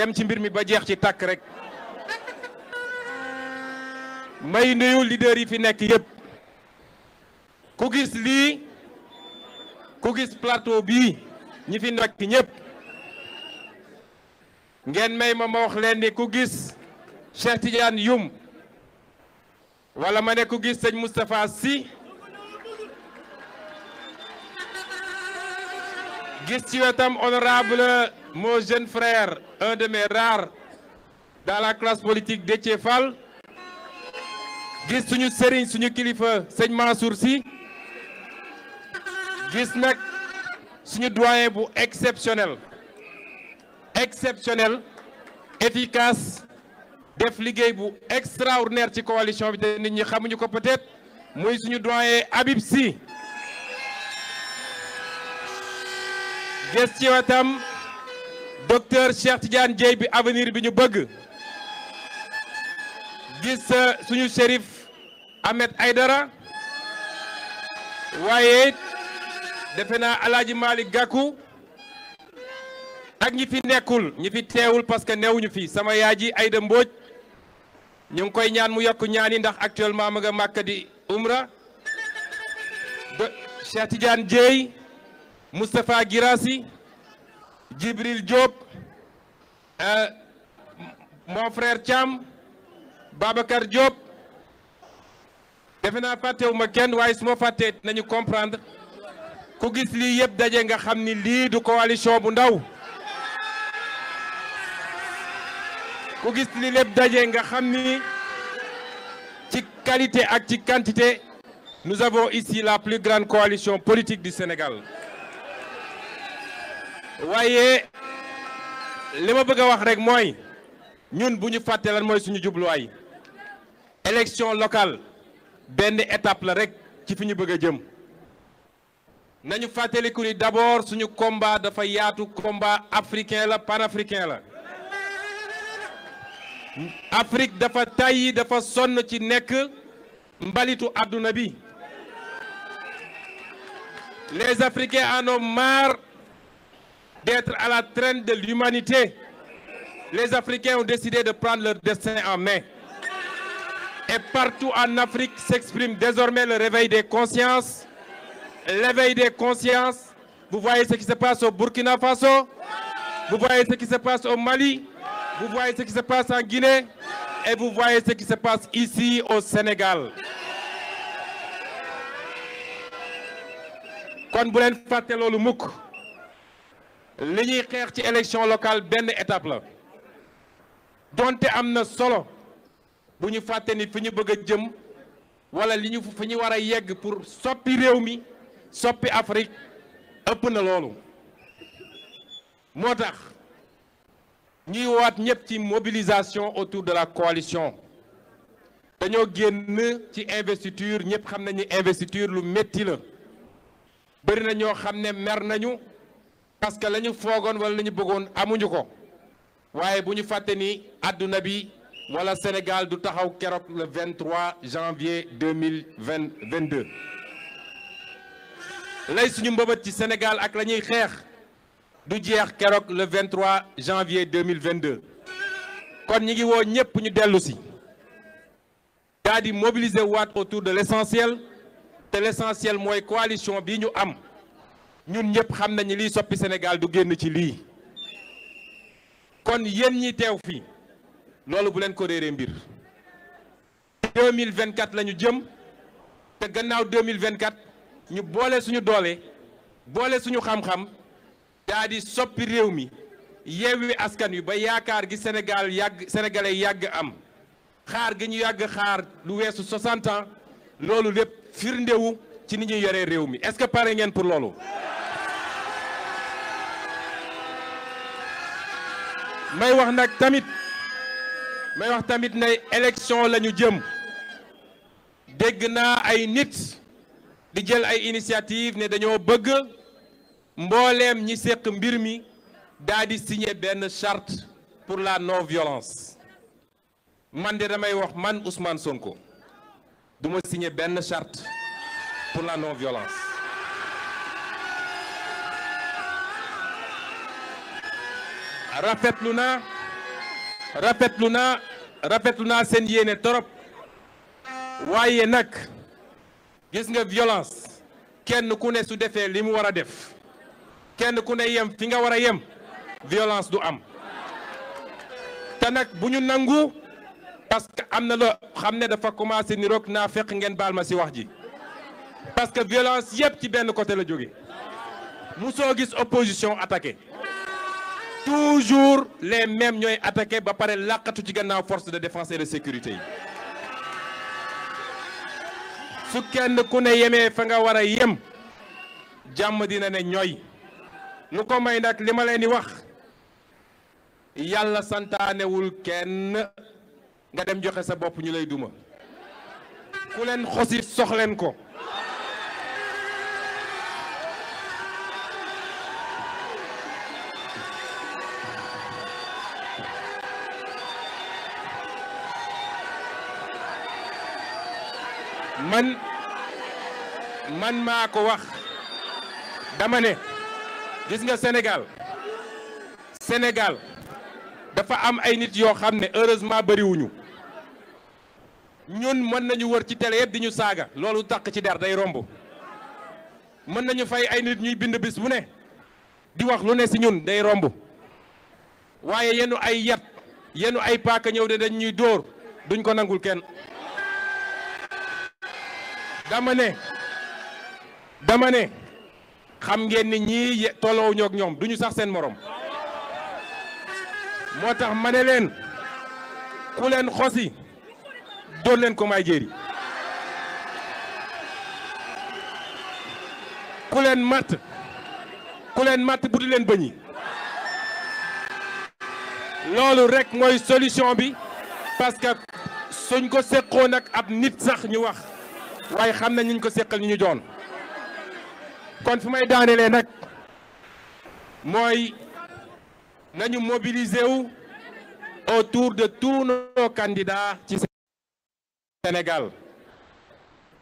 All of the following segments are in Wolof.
dem ci mbir mi ba jeex ci tàkk rek may nuyu leader yi fi nekk yépp ku gis lii ku gis plateau bi ñi fi nekk ñépp ngeen may ma ma wax leen ni ku gis Cheikh Tidiane wala ma ne ku gis sëñ Moustapha Sy gis ci wetam honorable mon jeune frère, un de mes rares dans la classe politique Déthié Fall gis suñu sëriñ suñu kilifa sëñ Mansour Sy gis nag suñu doyen bu exceptionnel exceptionnel efficace def liggéey bu extraordinaire ci coalition bi te nit ñi xamuñu ko peut-être muy suñu doyen Habib si gis docteur Cheikh Tidiane Dièye bi avenir bi ñu bëgg gis euh, suñu shérif Ahmed Aydara waaye defe na Alaaji Malick Gakou ak ñi fi nekkul ñi fi teewul parce que newuñu fi sama yaay ji Ayda Mbodj ñu ngi koy ñaan mu yokk ñaan yi ndax actuellement ma nga Màkka di umra de Cheikh Tidiane Dièye Moustapha Girassi Djibril Euh, mon frère Thiam Babacar Diop defe naa fàttewuma kenn waaye su ma fàttee nañu comprendre ku gis lii yëpp daje nga xam ni lii du coalition bu ndaw ku gis lii lépp daje nga xam ni ci qualité ak ci quantité nous avons ici la plus grande coalition politique du Sénégal waaye li ma bëgg a wax rek mooy ñun bu ñu fàtte lan mooy suñu jubluwaay élection locale benn étape la rek ci fi ñu bëgg jëm nañu fàttaliku ni d'abord suñu combat dafa yaatu combat africain la panafricain la Afrique dafa tàyyi dafa sonn ci nekk mbalitu àdduna bi les Africains en ont d'être à la traîne de l'humanité, les Africains ont décidé de prendre leur destin en main. Et partout en Afrique s'exprime désormais le réveil des consciences, l'éveil des consciences. Vous voyez ce qui se passe au Burkina Faso, vous voyez ce qui se passe au Mali, vous voyez ce qui se passe en Guinée et vous voyez ce qui se passe ici au Sénégal. kon bu leen fàtte loolu mukk li ñuy xeex ci élection locale benn étape la donte am na solo bu ñu fàtte ni fi ñu bëgg a jëm wala li ñu fi ñu war a yegg pour soppi réew mi soppi Afrique ëpp na loolu moo tax ñuy wowaat ñëpp ci mobilisation autour de la coalition dañoo génn ci investiture ñëpp xam nañu investiture lu métti la bëri na ñoo xam ne mer nañu parce que la ñu foogoon wala la ñu bëggoon amuñu ko waaye bu ñu fàtte ni àdduna bi wala Sénégal du taxaw keroog le 23 janvier 2022 lay suñu mbëbët ci Sénégal ak lañuy xeex du jeex keroog le 23 janvier 2022 kon ñi ngi woo ñëpp ñu dellu si daa di mobiliser waat autour de l' essentiel te l' mooy coalition bi ñu am ñun ñëpp xam nañu liy soppi Sénégal du génn ci lii kon yéen ñi teew fii loolu bu leen ko réeree mbir 2024 la ñu jëm te gannaaw 2024 ñu boole suñu doole boole suñu xam-xam daa di soppi réew mi yeewi askan wi ba yaakaar gi senegaal yàgg sénégalais yàgg am xaar gi ñu yàgg xaar lu weesu 60 ans loolu lépp firndewu ci ni ñuy yoree réew mi est-ce que pare ngeen pour loolu may wax nag tamit may wax tamit ne élection la ñu jëm dégg naa ay nit di jël ay initiative ne dañoo bëgg mbooleem ñi séq mbir mi daa di signer benn charte pour la non violence man de damay wax man Ousmane Sonko du ma signer benn charte pour la non violence rafetlu naa rafetlu naa rafetlu naa seen yéene torop waaye nag gis nga violence kenn ku ne su defee li mu war a def kenn ku ne yem fi nga war a yem violence du am te nag bu ñu nangu parce que am na la xam ne dafa commencé ni roog naa fekk ngeen baal ma ci wax ji parce que violence yépp ci benn côté la jóge soo gis opposition attaqué toujours les mêmes ñooy attaqué ba pare làqatu ci gannaaw force de défense et de sécurité yi su kenn ku ne yemee fa nga war a yem jàmm dina ne ñooy lu ko may nag li ma leen di wax yàlla santaanewul kenn nga dem joxe sa bopp ñu lay duma ku leen xosit soxleen ko man man maa ko wax dama ne gis nga Sénégal Sénégal dafa am ay nit yoo xam ne heureusement bariwuñu ñun mën nañu wër ci télé yëpp di ñu saaga loolu takk ci der day romb mën nañu fay ay nit ñuy bind bis bu ne di wax lu ne si ñun day romb waaye yenu ay yat yenu ay paaka ñëw de dañ ñuy dóor duñ ko nangul kenn dama ne dama ne xam ngeen ni ñii tolloo ñoom duñu sax seen moroom moo tax ma ne leen ku leen xosi doon leen ko may jéeri ku leen matt ku leen matt bu di leen bëñi loolu rek mooy solution bi parce que suñ ko seqoon ak ab nit sax ñu wax waaye xam nañ ñu ko seqal ñu ñu doon kon fi may daanelee nag mooy nañu mobiliser wu autour de tous nos candidats ci Sénégal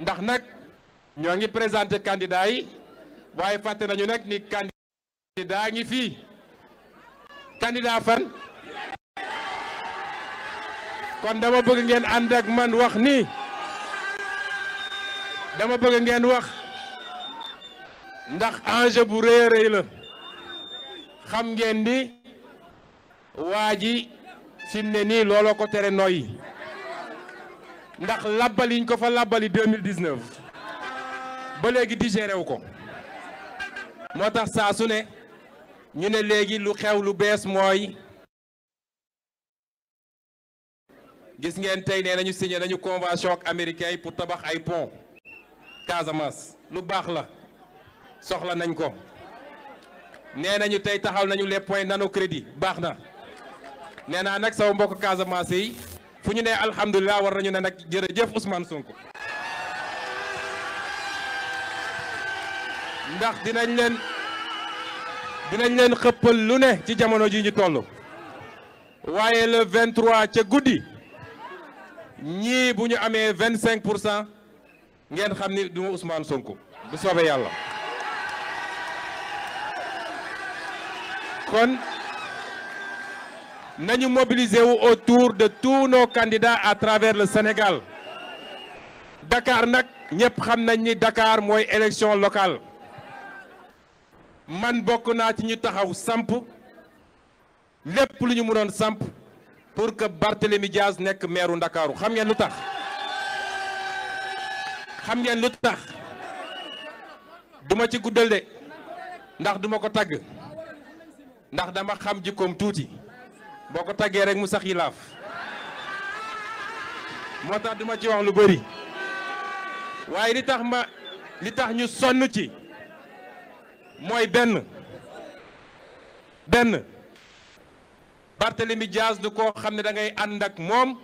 ndax nag ñoo ngi présenté candidats yi waaye fàtte nañu nag ni candidat ngi fii candidat fan kon dama bëgg ngeen ànd ak man wax ni dama bëgg ngeen wax ndax enjeu bu rëy rëy la xam ngeen ni waa ji fi mu ne nii looloo ko tere noyyi ndax labbal yiñ ko fa labbali 2019 ba léegi digéré wu ko moo tax saa su ne ñu ne léegi lu xew lu bees mooy gis ngeen tey nee nañu siñee nañu convention ak américain pour tabax ay pont Casamance lu baax la soxla nañ ko nee nañu tey taxaw nañu les points nano crédit baax na nee naa nag sama mbokk Casamance yi fu ñu ne alhamdulilah war nañu ne nag jërëjëf Ousmane Sonko. ndax dinañ leen dinañ leen xëppal lu ne ci jamono ji ñu toll waaye le ca guddi ñii bu ñu amee pour cent. ngeen xam ni du ma Ousmane Sonko bu soobee yàlla kon nañu mobiliser wu autour de tous nos candidats à travers le Sénégal dakaar nag ñëpp xam nañ ni dakaar mooy élection locale man bokk naa ci ñu taxaw samp lépp lu ñu mënoon samp pour que Barthélémy Diaz nekk maire Ndakaaru xam ngeen lu tax xam ngeen lu tax duma ci guddal de ndax duma ko tagg ndax dama xam jikkoom tuuti boo ko taggee rek mu sax yi moo tax duma ci wax lu bari waaye li tax ma li tax ñu sonn ci mooy benn benn Barthélemy Dias du koo xam ne dangay ànd ak moom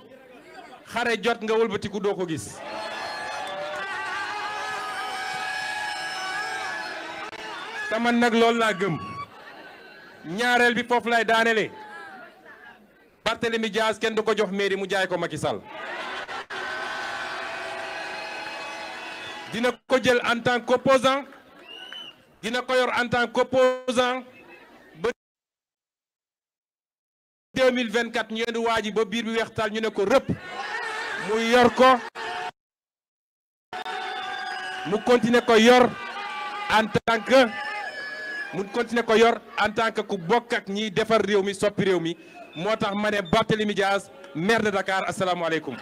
xare jot nga wëlbatiku doo ko gis te man nag loolu laa gëm ñaareel bi foofu lay daanele Barthélemy Dias kenn du ko jox mairie mu jaay ko Macky Sall dina ko jël en tant qu'opposant dina ko yor en tant qu'opposant ba 2024 ñu yendu waa ji ba biir bi weextaal ñu ne ko rëpp mu yor ko mu continuer ko yor en tant mu continuer ko yor en tant que ku bokk ak ñiy defar réew mi soppi réew mi moo tax ma ne Barthélémy Diaz maire de Dakar asalaamaaleykum